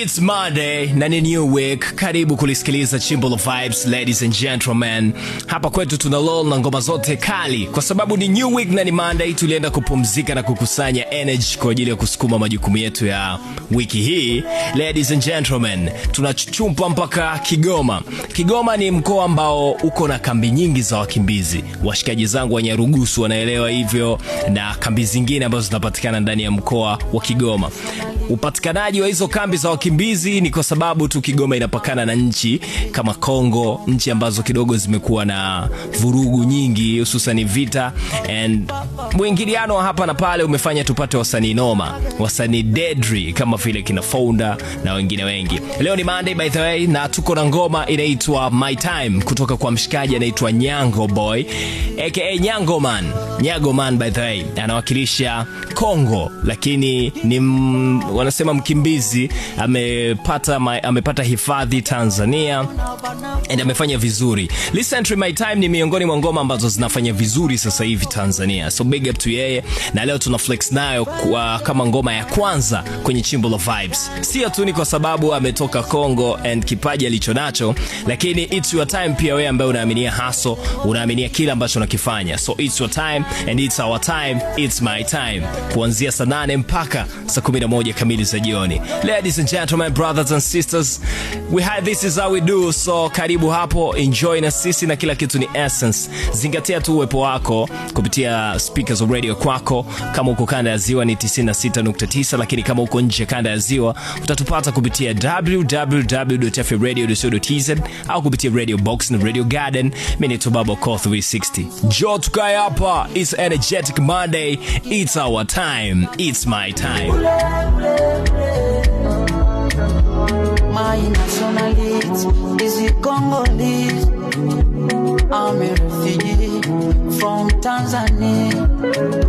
It's Monday na ni new week. Karibu kulisikiliza Chimbolo vibes, ladies and gentlemen. Hapa kwetu tuna lol na ngoma zote kali, kwa sababu ni new week na ni Monday. Tulienda kupumzika na kukusanya energy kwa ajili ya kusukuma majukumu yetu ya wiki hii. Ladies and gentlemen, tunachuchumpa mpaka Kigoma. Kigoma ni mkoa ambao uko na kambi nyingi za wakimbizi. Washikaji zangu wa Nyarugusu wanaelewa hivyo, na kambi zingine ambazo zinapatikana ndani ya mkoa wa Kigoma. Upatikanaji wa hizo kambi za wakimbizi ni kwa sababu tu Kigoma inapakana na nchi kama Kongo, nchi ambazo kidogo zimekuwa na vurugu nyingi, hususan vita and mwingiliano wa hapa na pale umefanya tupate wasanii noma, wasanii dedri kama vile kina Founda na wengine wengi. Leo ni Monday by the way, na tuko na ngoma inaitwa My Time kutoka kwa mshikaji anaitwa Nyango Boy aka Nyango Man. Nyago Man by the way, anawakilisha Kongo lakini ni m wanasema mkimbizi amepata amepata hifadhi Tanzania and amefanya vizuri. Listen to my time ni miongoni mwa ngoma ambazo zinafanya vizuri sasa hivi Tanzania, so big up to yeye, na leo tuna flex nayo kwa, kama ngoma ya kwanza kwenye chimbo la Vibes. Sio tu ni kwa sababu ametoka Kongo and kipaji alicho nacho, lakini it's your time pia wewe ambaye unaaminia haso, unaaminia kile ambacho unakifanya, so it's your time and it's our time, it's my time, kuanzia saa 8 mpaka saa 11 kamili kamili za jioni. Ladies and gentlemen, brothers and sisters, we have this is how we do. So karibu hapo, enjoy na sisi, na kila kitu ni essence. Zingatia tu uwepo wako kupitia speakers of radio kwako. Kama uko kanda ya ziwa ni 96.9, lakini kama uko nje kanda ya ziwa utatupata kupitia www.fradio.co.tz au kupitia radio box na radio garden. Mimi ni Tobabo Core 360. Jo, tukae hapa. It's energetic Monday. It's our time. It's my time. Ule, ule. My nationality is a Congolese. I'm a refugee from Tanzania.